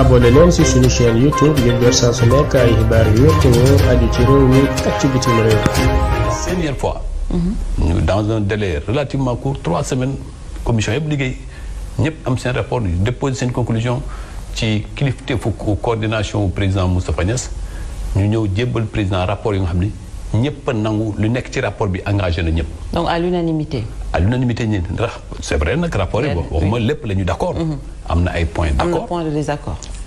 abonné leen ci suñu chaîne YouTube ngir jot saa su nekk ay xibaar yu wér te wóor aju ci réew mi ak ci bitim réew. première fois. ñu dans un délai relativement court trois semaines commission yëpp liggéey ñëpp am seen rapport déposé seen conclusion ci kilifteefu coordination président Moustapha Niass ñu ñëw jébbal président rapport yi nga xam ni. ñëpp a nangu lu nekk ci rapport bi engagé na ñëpp. donc à l'unanimité à l'unanimité ñi ndax c'est vrai nag rapport yi boobu waxuma lépp la ñu d'accord. Mhm. am na ay points d'accord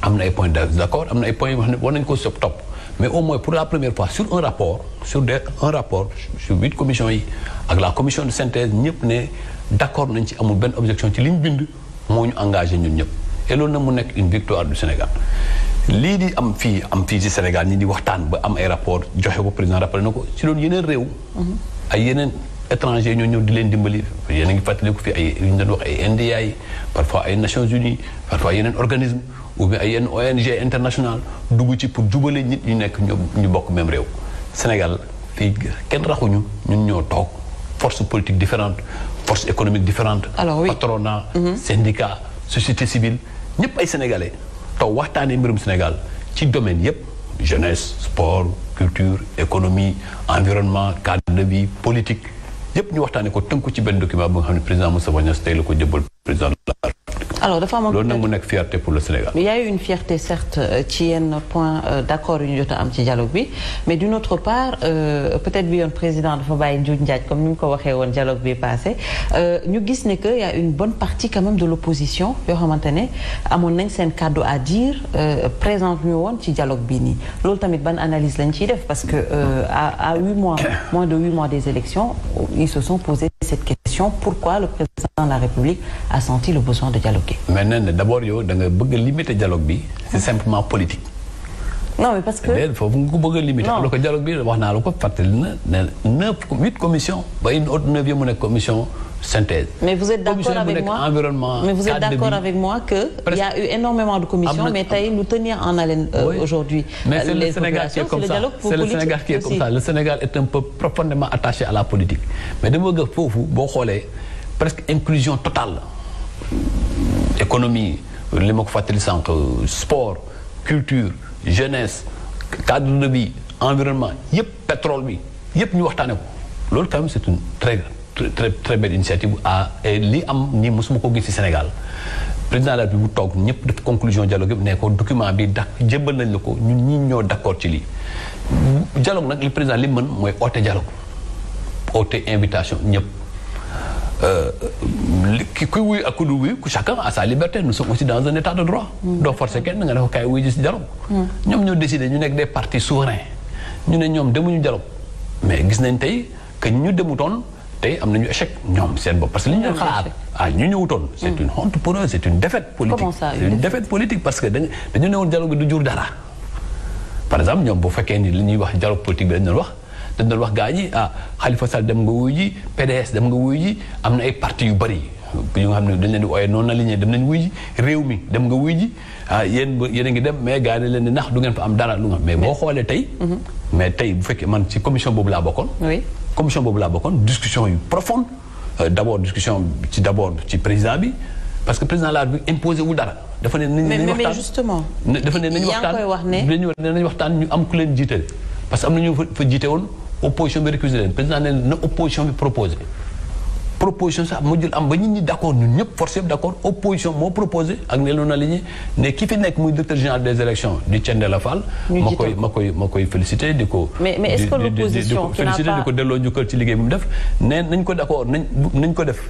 am am na ay points de désaccord am na ay points yoo xam ne war nañu ko sob topp mais au moins pour la première fois sur un rapport sur huit commissions yi ak la commission de synthèse ñëpp ne d'accord nañ ci amul benn objection ci li ñu bind moo ñu engagé ñun ñëpp et loolu nag mu nekk une victoire du Sénégal. lii di am fii am fii ci Sénégal ñi di waxtaan ba am ay rapport joxe ko président rappelé na ko ci doon yeneen réew. Mhm. ay yeneen étranger ñoo ñëw di leen dimbali yéen a ngi fàttaliku fii ay li ñu doon wax ay NDA yi parfois ay Nations Unies parfois yeneen organisme ou bien ay yenn ONG international dugg ci pour jubale nit ñu nekk ñu bokk même réew. Sénégal fii kenn raxuñu ñun ñoo toog force politique différente force économique différente. alors patronat mhm. syndicat société civile ñëpp ay sénégalais. te waxtaanee mbirum Sénégal ci domaine yépp jeunesse sport culture économie environnement cadre de vie politique yépp ñu waxtaanee ko tënku ci benn document bu nga xam ne président Moussa Niass tey la ko jëbbal président de la alors dafa amoon loolu nag mu nekk fierté pour le Sénégal. mais il y a eu une fierté certes euh, ci point euh, d' accord yu ñu jot am ci dialogue bi mais d' une autre part euh, peut être bi yoon président dafa bàyyi njuuj njaaj comme ni mu ko waxee woon dialogue bi passé ñu gis ne que y a une bonne partie quand même de l' opposition yoo xamante ne amoon nañ seen kàddu à dire présente ñu woon ci dialogue bi nii loolu tamit ban analyse lañ ciy def parce que à à huit mois de huit mois des élections ils se cette question pourquoi le président de la République a senti le besoin de dialoguer mais nee na d'abord yow da nga bëgg a limiter dialogue bi c'est simplement politique non mais parce que déedéet foofu nga ko bëgg a limité. alors que dialogue bi wax naa la ko fàttali na ne huit commission ba une autre neuf commission synthèse. mais vous êtes d' accord avec moi environnement que. il y a eu énormément de commissions mais tey tenir en haleine euh, aujourd'hui mais c'est comme ça c'est le Sénégal est un peuple profondément attaché à la politique mais dama bëgg foofu boo xoolee presque inclusion totale économie li ma ko fàttali sànq sport culture. jeunesse cadre de vie environnement yëpp pétrole bi yëpp ñu waxtaane ko loolu quand même c'est une très très très belle initiative à li am ni mosuma koo gis ci Sénégal président de la République bu toog ñëpp def conclusion dialogue bi ne ko document bi da jébbal nañ la ko ñu ñi ñoo d'accord ci lii dialogue nag li président li mën mooy oote dialogue oote invitation ñëpp euh, kuy wuyu ak ku dul wuyu chacun a sa liberté nous sommes aussi dans un de droit. doo forcer kenn nga ne ko ji si dialogue. Hmm. ñoom ñoo décidé ñu nekk des partis souverains ñu ne ñoom demuñu dialogue mais gis nañ tey que ñu demutoon tey am ñu échec ñoom seen bopp parce que li ñu doon xalaat ah ñu ñëwutoon. Hmm. c'est une honte pour eux c'est une défaite politique. dañu newoon dialogue du jur dara. par exemple ñoom bu fekkee ni li ñuy wax dialogue politique bi dañu doon wax. dañ doon wax gaa ñi ah Khalifa Sall dem nga wuy ji PDS dem nga wuy ji am na ay parti yu bari yu nga xam ne dañ leen di ooyee noonu la li dem nañ wuy ji réew mi dem nga wuy ji ah a ngi dem mais gaa yi leen di nax du ngeen fa am dara mais boo xoolee tey mais tey bu fekkee man boobu laa bokkoon commission boobu laa bokkoon discussion yu profonde euh, d' abord discussion ci d' abord ci président bi parce que président la bi imposé ne nañu waxtaan wax waxtaan ñu am ku leen jiite parce que am na ñu fa jiite woon. opposition bi récuser leen président ne na opposition bi proposé proposition sax mu jël am ba ñu ñu d' accord ñun ñëpp force yëpp d' accord opposition moo proposé ak ne loon aligné ne ki fi nekk muy directeur général des élections di Thiendella Fall ma koy ma koy ma koy félicité di ko mais mais di ko delloo njukkal ci liggéey bi mu def ne nañ ko d' accord nañ nañ ko def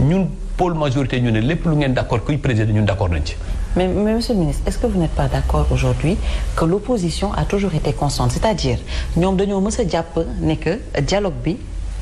ñun pôle majorité ñu ne lépp lu ngeen d' accord kuy président ñun d' accord nañ ci mais mais monsieur le ministre est-ce que vous n'êtes pas d'accord aujourd'hui que l'opposition a toujours été constante c'est-à-dire ñoom dañoo mës a jàpp ne que dialogue bi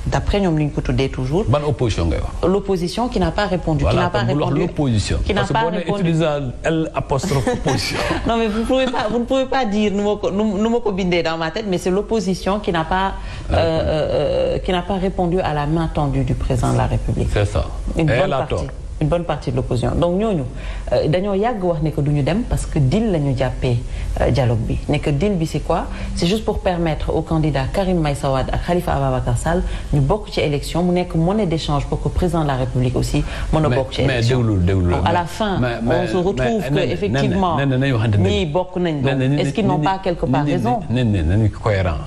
d'après ñoom li ñu ko tuddee toujours. ban opposition ngay wax. l'opposition qui n'a pas répondu. qui n'a pas répondu l'opposition. qui n'a pas répondu parce que boo nee utilisant L apostrophe opposition. non mais vous ne pouvez pas vous ne pouvez pas dire nu ma ko nu ma ko bindee dans ma tête mais c'est l'opposition qui n'a pas ah, euh, euh, euh, qui n'a pas répondu à la main tendue du président de la République. c'est ça une bonne partie. une bonne partie de l'opposition donc ñooñu euh, dañoo yàgg wax ne que dem parce que deal la ñu jàppee euh, dialogue bi ne que deal bi c'est quoi c'est juste pour permettre aux candidats Karim Meïssa Wade ak Khalifa Ababacar Sall ñu bokk ci élection mu nekk monnaie d'échange pour que président de la République aussi mën a bokk ci élection donc à la fin on se retrouve que effectivement ñii bokk nañ donc est n'ont pas quelque part raison nañu cohérent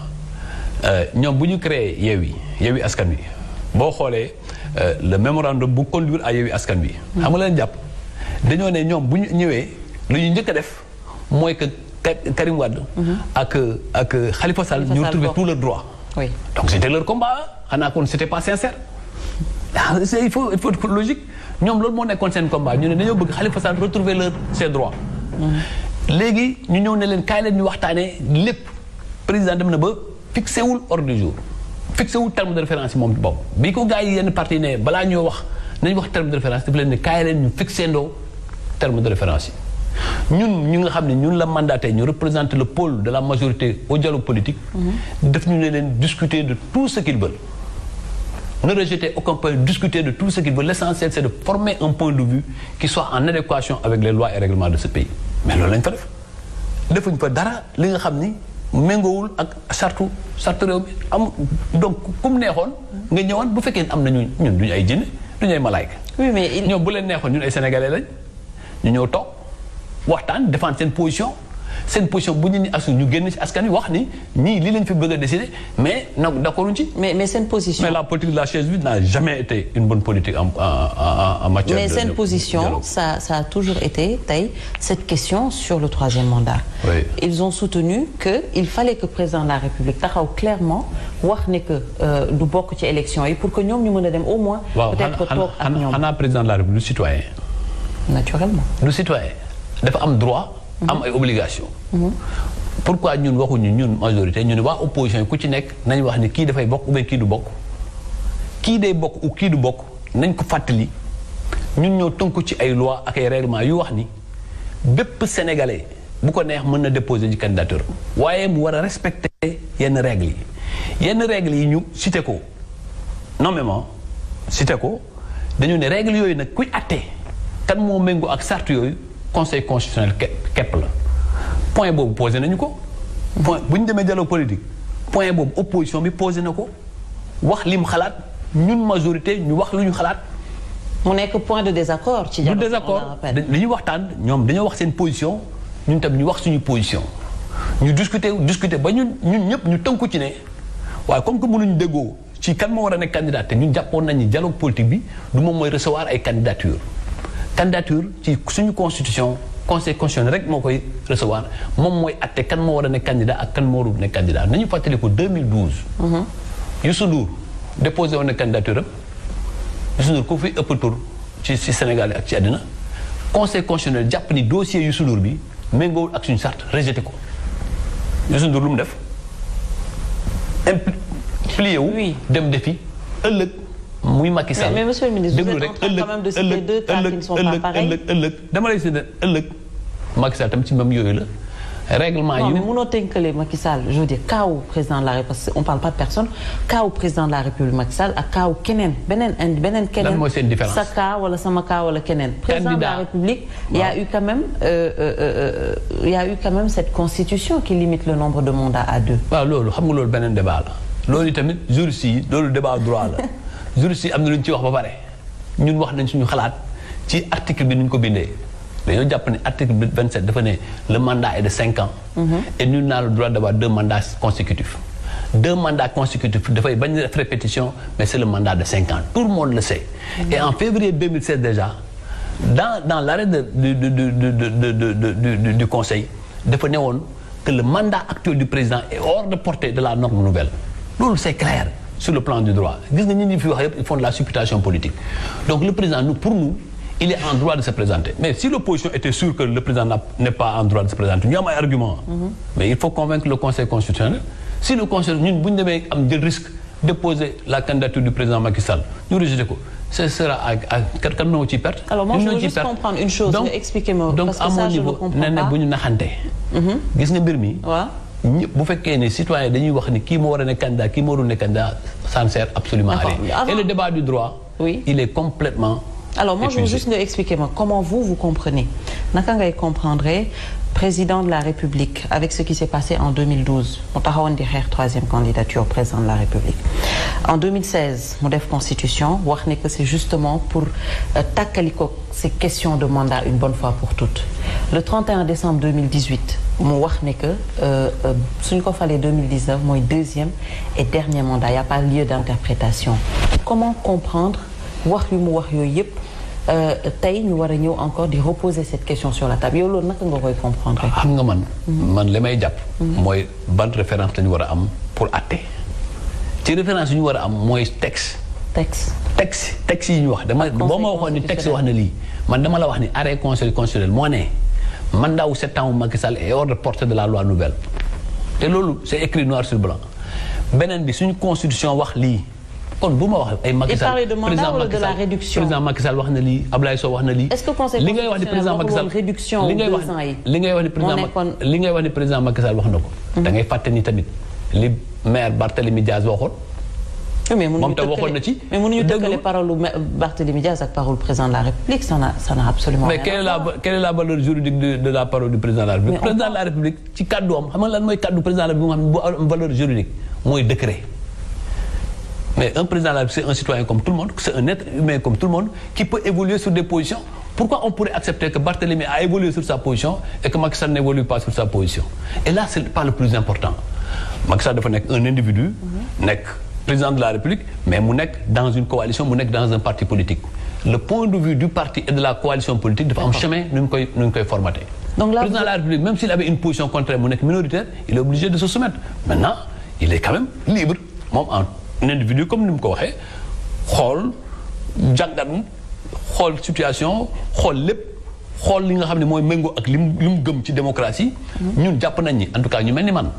euh, ñoom bu ñu créé Yewwi Yewwi Askan Wi boo Euh, le mémorandum bu conduire à Yewwi Askan Wi. xam nga leen jàpp dañoo ne ñoom bu ñu ñëwee lu ñu njëkk def mooy que Karim wadd mhm. ak ak Khalifa Sall ñu retrouver tout leur droit. oui donc c' était xanaa kon c' était pas sincère. Ah, il faut ñoom loolu moo nekkoon seen combat ñu ne dañoo bëgg Khalifa Sall retrouver leur ses droits. Mhm. léegi ñu ñëw ne leen kaay leen ñu waxtaanee lépp président dem na ba fixé wul ordre du jour. fixé wu terme de référence yi moom boobu bi ko gars yi yenn parti ne balaa ñoo wax nañ wax terme de référence daf leen ne leen ñu fixé ndoo terme de référence yi ñun ñu nga xam ne ñun la mandaté ñu représenter le pôle de la majorité au dialogue politique mhm. daf ñu ne leen discuter de tout ce qu'ils ne rejeter aucun point discuter de tout ce qu'ils veulent l'essentiel c'est de former un point de vue qui soit en adéquation avec les lois et règlements de ce pays mais loolu lañ fa def méngoowul ak sartu sartu réew mi am donc comme neexoon nga ñëwaan bu fekkee am na ñu ñun duñu ay jinne duñu ay malaayka oui mais ñoom bu leen neexoon ñun ay sénégalais lañ ñu ñëw toog waxtaan défendre seen position seen position bu ñu assume ñu génn ci askan wi wax ni ñii lii lañ fi bëgg a décider mais nag d'accord ci. mais mais seen position. mais la politique de la chaise vide n'a jamais été une bonne politique en en en matière. mais seen position ça ça a toujours été tey cette question sur le troisième mandat. oui ils ont soutenu que il fallait que président de la République taxaw clairement wax ne que euh, du bokk ci élection yi pour que ñoom ñu mën a dem au moins. peut-être toog ak ñoom waaw xanaa président de la République du citoyen. naturellement du citoyen dafa am droit. am ay obligation pourquoi ñun waxuñu ñun majorité ñu ne waa opposition yi ku ci nekk nañ wax ni kii dafay bokk ou bien kii du bokk kii day bokk kii du bokk nañ ko fàttali ñun ñoo tënku ci ay loi ak ay règlement yu wax ni bépp sénégalais bu ko neex mën na déposer ci candidature waaye mu war a respecter yenn règles yi yenn régle yi ñu cité ko nommément cité ko dañu ne règles yooyu nag kuy àtte kan moo méngoo ak sart yooyu conseil constitutionnel képp la point boobu posé nañu ko. point bu ñu demee dialogue politique point boobu opposition bi posé na ko wax lim xalaat ñun majorité ñu wax lu ñu xalaat. mu nekk point de désaccord ci dialogue. désaccord li ñuy waxtaan ñoom dañoo wax seen position ñun tam ñu wax suñu position. ñu discuter discuter ba ñun ñun ñëpp ñu tënku ci ne waaye comme que mënuñu déggoo ci kan moo war a nekk candidat te ñun jàppoon nañu dialogue politique bi du moom mooy recevoir ay candidature candidature ci suñu constitution conseil constitutionnel rek moo koy recevoir moom mooy atte kan moo war a nekk candidat ak kan moo warul nekk candidat nañu fàttaliku 2012. Mhm. Youssou Ndour déposé woon na candidature am Youssou Ndour ku fi ëpp tur ci ci Sénégal ak ci àddina conseil constitutionnel jàpp ni dossier Youssou Ndour bi méngoowul ak suñu charte rejeté ko Youssou Ndour lu mu def impliqué wu. dem defi ëllëg. muy Macky Sall mais monsieur le ministre vous êtes en train quand même de citer deux cas qui ne sont pas pareils ëllëg ëllëg dama lay citer ëllëg Macky Sall tamit ci même yooyu la. règlement yi non mais mënoo tënkale Macky Sall je veux dire kaawu président de la République parce que on parle pas de personne kaawu président de la République Macky Sall ak kaawu keneen beneen indi beneen. keneen lan mooy seen différence sa kaa wala sama kaa wala keneen. président de la République. y a eu quand même euh, euh, euh, y a eu quand même cette constitution qui limite le nombre de mandats à deux. waaw loolu xam nga loolu beneen débat la loolu tamit juriste yi loolu débat droit la. juristes yi am na lu ñu ci wax ba pare ñun wax nañ suñu xalaat ci article bi ñu ko bindee dañoo jàpp ne article bi 27 dafa ne le mandat est de cinq ans. et nul n'a le droit d'avoir deux mandats consécutifs. deux mandats consécutifs dafay bañ def répétition mais c'est le mandat de cinq ans tout le monde le sait. et en février 2016 déjà dans dans l'arrêt de du du du du conseil dafa ne woon que le mandat actuel du président et hors de porté de la norme nouvelle loolu c'est clair. sur le plan du droit gis nga ñi ñu fi wax yëpp ils font de la supputation politique donc le président nous pour nous il est en droit de se présenter mais si l'opposition était sûre que le président n'est pas en droit de se présenter ñu am argument mhm. mais il faut convaincre le conseil constitutionnel si le conseil ñun bu ñu demee am la candidature du président Macky Sall ñu rejeté mon niveau nee na bu ñëpp bu fekkee ne citoyen dañuy wax ni kii moo war a nekk candidat kii moo warul nekk candidat ça ne sert absolument à rien et le débat du droit oui il est complètement alors moi je veux juste nga expliquer ma comment vous vous comprenez naka ngay comprendre président de la République avec ce qui s'est passé en 2012 mu taxawoon di xeex troisième candidature président de la République en 2016 mu def constitution wax ne que c'est justement pour euh, tàkkali ko ces questions de mandat une bonne fois pour toutes le 31 décembre 2018 mu wax ne que euh, euh, suñ ko falee 2019 mooy deuxième et dernier mandat y a pas lieu d'interprétation comment comprendre wax yu mu wax yooyu yëpp euh, tey ñu war a ñëw encore di reposer cette question sur la table yow loolu naka nga koy comprendre ah, xam nga man mm-hmm. man li may jàpp mm-hmm. mooy ban référence la ñu war a am pour atte ci référence yu ñu war a am mooy texte texte texte texte yi ñu wax dama boo ma waxoon ni texte wax na lii man dama la wax ni arrêt conseil constitutionnel moo ne mandat wu sept ans wu Macky Sall est hors de portée de la loi nouvelle te loolu c' est écrit sur blanc beneen bi suñu constitution wax lii kon bu ma wax ay Macky Sall il parlait président Macky wax na lii Ablaye Sow wax na lii. li ngay wax ni président Macky wax na ko. Mhm. ngay fàtte ni tamit li maire Barthélémy Diaz waxoon. mais moom tam waxoon na ci. mais mënuñu tëkkale parole Barthélémy Diaz ak parole président de la République ça n'a ça n'a absolument rien mais quelle est la quelle est la valeur juridique de de la parole du président de la République. président de la République ci kaddu am xam nga lan mooy kaddu président de la République bu am valeur juridique mooy décret. mais un président de la République c'est un citoyen comme tout le monde c'est un être humain comme tout le monde qui peut évoluer sur des positions pourquoi on pourrait accepter que Barthélemy a évolué sur sa position et que Macky Sall n'évolue pas sur sa position et là c'est pas le plus important Macky Sall dafa nekk un individu. Mhm. nekk. président de la République mais mu nekk dans une coalition mu nekk dans un parti politique le point de vue du parti et de la coalition politique dafa am chemin nu ñu koy nu président de la République même s'il avait une position contraire mu minoritaire il est obligé de se soumettre maintenant il est quand même libre moom en individu comme ni mu ko waxee xool jàngat xool situation xool lépp xool li nga xam ne mooy méngoo ak li mu li mu gëm ci démocratie mm-hmm. ñun jàpp nañ ni en tout cas ñu mel ni man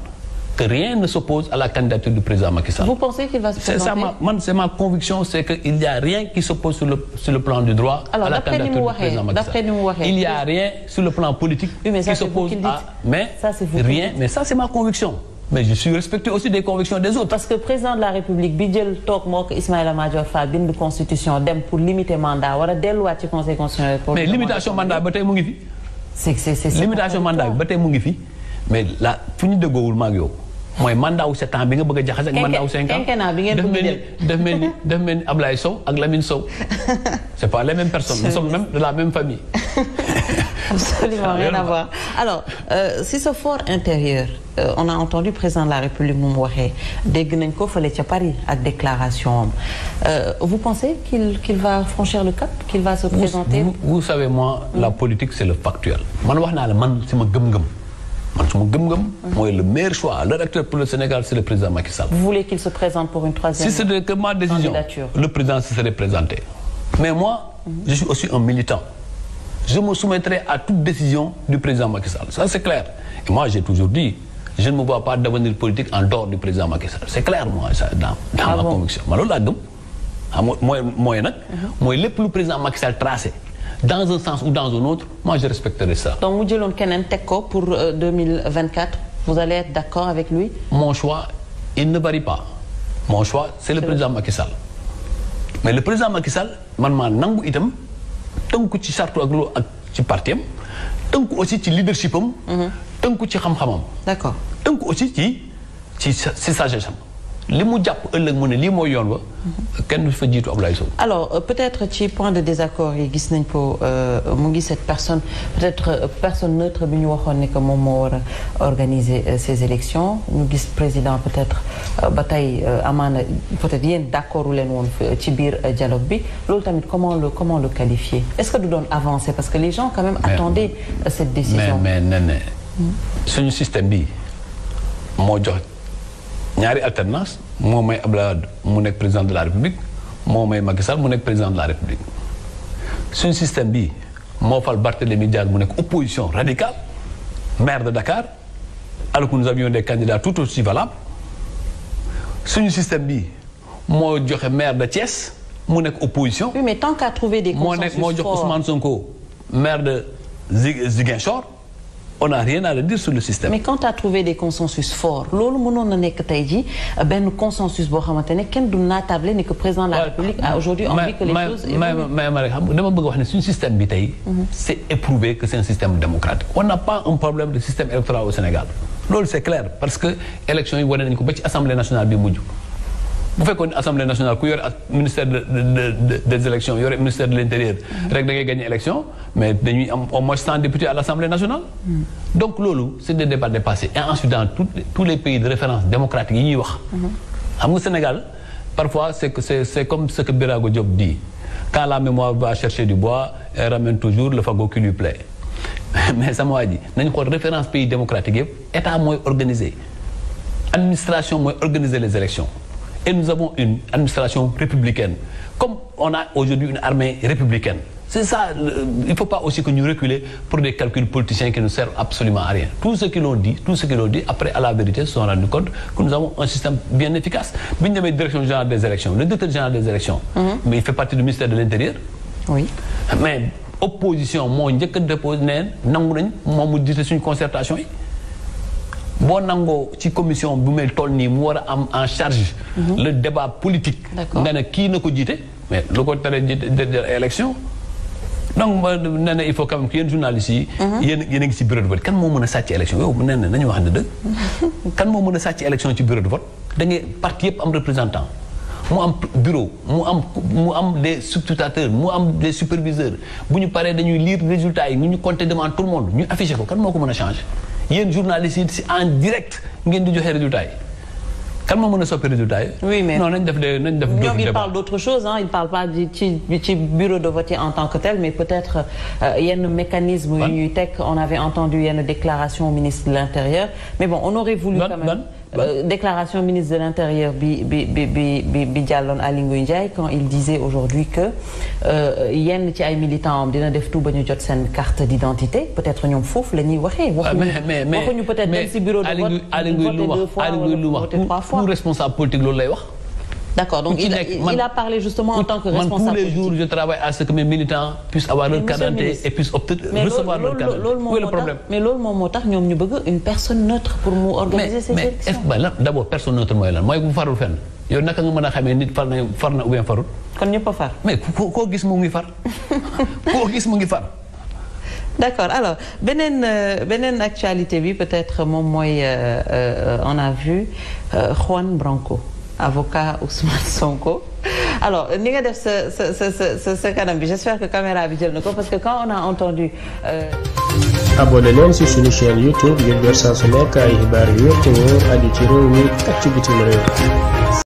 que rien ne s'oppose à la candidature du président Macky Sall. Vous pensez qu'il va se présenter C'est ça, man, c'est ma conviction, c'est qu'il n'y a rien qui s'oppose sur le, sur le plan du droit Alors, à la candidature du président Macky Sall. Il n'y a rien sur le plan politique oui, mais ça, qui s'oppose qu à... Mais ça, rien, mais ça c'est ma conviction. mais je suis respecté aussi des convictions des autres. parce que président de la république bi jël toog moo ko Ismaïla Madior Fall bind constitution dem pour limiter mandat war a delluwaat ci conseil constitutionnel. pour mais limitation mandat ba tey mu ngi fi. c'est c'est c'est limitation mandat bi ba tey mu ngi fi mais la fu ñu déggoowul maa ngi yow. mooy mandat wu sept ans bi nga bëgg a jaxase ak mandat wu cinq ans daf mel ni daf mel ni daf mel ni Ablaye Sow ak Lamine Sow c'est pas les mêmes personnes nous sommes même de la même famille absolument rien à voir alors euh, si ce fort intérieur euh, on a entendu président de la République mu waxee dégg nañ ko fële ca Paris ak déclaration am euh, vous pensez qu'il qu'il va franchir le cap qu'il va se présenter vous savez moi la mm. politique c'est le factuel man wax naa la man si ma gëm-gëm man su ma gëm-gëm. mooy le meilleur choix le recteur pour le Sénégal c'est le président Macky Sall. vous voulez qu'il se présente pour une troisième. si c'était que ma décision le président se serait présenté. mais moi. je suis aussi un militant. je me soumettrai à toute décision du président Macky Sall ça c'est clair et moi j'ai toujours dit je ne me vois pas d'avenir politique en dehors du président Macky Sall c'est clair moi ça dans dans ah ma conviction ma loolu laa gëm. ah mooy mooy nag. Mhm. mooy lépp lu président Macky Sall tracé. dans un sens ou dans un autre moi je respecterai ça. donc mu jëloon keneen teg ko pour 2024 euh, vous allez être d'accord avec lui. mon choix il ne varie pas mon choix c'est le président Macky Sall mais le président Macky Sall man maa nangu itam tënku ci sartu ak loo ak ci parti am tënku aussi ci leadership am. Mhm. tënku ci xam-xamam. d'accord tënku aussi ci ci ci sagesse am. li mu jàpp ëllëg mu ne lii mooy yoon wa kenn fa jiitu Abdoulaye Sow alors euh, peut ci point de désaccord yi gis nañ ko euh, mu ngi cette personne peut-être euh, personne neutre bi ñu waxoon ne que moom moo war organiser ces élections ñu gis président peut-être ba tey amaana peut-être yéen d'accordu leen woon ci biir dialogue bi loolu tamit comment le comment le qualifier est-ce que du doon avancer parce que les gens quand même attendaient cette décision mais mais nee na hmm? suñu système bi moo jox ñaari alternance moo may Abdoulaye Wade mu nekk président de la république moo may Macky Sall mu nekk président de la république suñu système bi moo fal Barthélémy Diaz mu nekk opposition radicale maire de Dakar alors que nous avions des candidats tout aussi valables suñu système bi moo joxe maire de Thiès mu nekk opposition. oui mais tant qu'à trouver des consensus forts moo nekk moo jox Ousmane Sonko maire de Ziguinchor. on n'a rien à redire sur le système. mais quand tu as trouvé des consensus forts loolu mënoon na nekk tey jii euh, benn consensus boo xamante ne kenn du naatable ne que président de la République a aujourd'hui envie que les choses mais ma rek xam dama bëgg wax ne suñu système bi tey mhm. c'est éprouvé que c'est un système démocratique on n'a pas un problème de système électoral au Sénégal loolu c'est clair parce que élection yi wane nañu ko ba ci assemblée nationale bi mujj bu fekkoon assemblée nationale ku yore ministère de des élections yore ministère de l' intérieur. Mm. rek da ngay mais dañuy am au moins cent à l' nationale. Mm. donc loolu c' est des débats dépassés et ensuite dans tous tous les pays de référence démocratique yi ñuy wax. Mm-hmm. Sénégal parfois c' comme ce que Birago Diop quand la mémoire va chercher du bois elle ramène toujours le fagot qui lui plaît mais sama waa ji nañu xool référence pays démocratique yëpp état mooy organiser administration mooy organiser les et nous avons une administration républicaine. Comme on a aujourd'hui une armée républicaine. C'est ça, il ne faut pas aussi que nous reculer pour des calculs politiciens qui ne servent absolument à rien. Tout ce qu'ils ont dit, après, à la vérité, se sont rendus compte que nous avons un système bien efficace. Bien direction des élections, le directeur général des élections, mhm. mais il fait partie du ministère de l'Intérieur. opposition, mon Dieu, que dépose, boo nangoo ci commission bu mel toll nii mu war a am en charge. Mhm. le débat politique. nga ne kii na ko jiite mais lu ko tere jiite élection. donc nee na il faut quand même que yéen journalistes yi. Mhm. yéen a ngi ci bureau de vote kan moo a sàcc élection yow nee na nañu wax ne dëgg. kan moo mën a sàcc élection ci bureau de vote da ngay parti yëpp am représentant mu am bureau mu am mu am des scrutateurs mu am des superviseurs bu ñu paree dañuy lire résultats yi ñu ñu compter devant tout le monde ñu affiché ko kan moo ko mën a changer. yéen journalistes yi si en direct ngeen di joxe résultat yi kan moo mën a soppi résultat yi. oui mais non nañ def de nañ def. ñoom il parle d' autre chose ah il parle pas ci ci bureau de vote yi en tant que tel mais peut être euh, yenn mécanisme yu ñuy teg on avait entendu yenn déclaration au ministre de l' intérieur mais bon on aurait voulu. quand même Euh, déclaration ministre de l'intérieur bi bi bi bi bi bi jàlloon Aly Ngouille Ndiaye quand il disait aujourd'hui que euh, yenn ci ay militants am dina def tout ba ñu jot seen carte d'identité peut-être ñoom foofu la ñuy waxee. Ah, waxuñu waxuñu peut-être même si bureau de vote. voté deux fois wala voté trois fois Aly Ngouille lu wax responsable politique loolu lay wax. D'accord, donc il a, il a, parlé justement en tant que responsable. Man, tous les jours, je travaille à ce que mes militants puissent avoir mais leur cadence et puissent obtenir, recevoir leur cadence. Où est le problème Mais l'autre moment, nous avons une personne neutre pour nous organiser ces élections. D'abord, personne neutre, moi, vous faire le yow naka nga mën a xamee nit far na far na ou bien farul. kon ñëpp a far. mais ku koo gis mu ngi far koo gis mu ngi far. d' accord alors beneen euh, beneen actualité bi peut-être moom mooy euh, euh, on a vu Juan Branco. avocat Ousmane Sonko alors ni nga def sa sa sa sa kanam bi j'espère que caméra bi jël na ko parce que quand on a entendu. Euh, abonné leen ci suñu chaîne YouTube ngir jot saa su nekk ay xibaar yu wér te wóor aju ci réew mi ak ci bitim réew.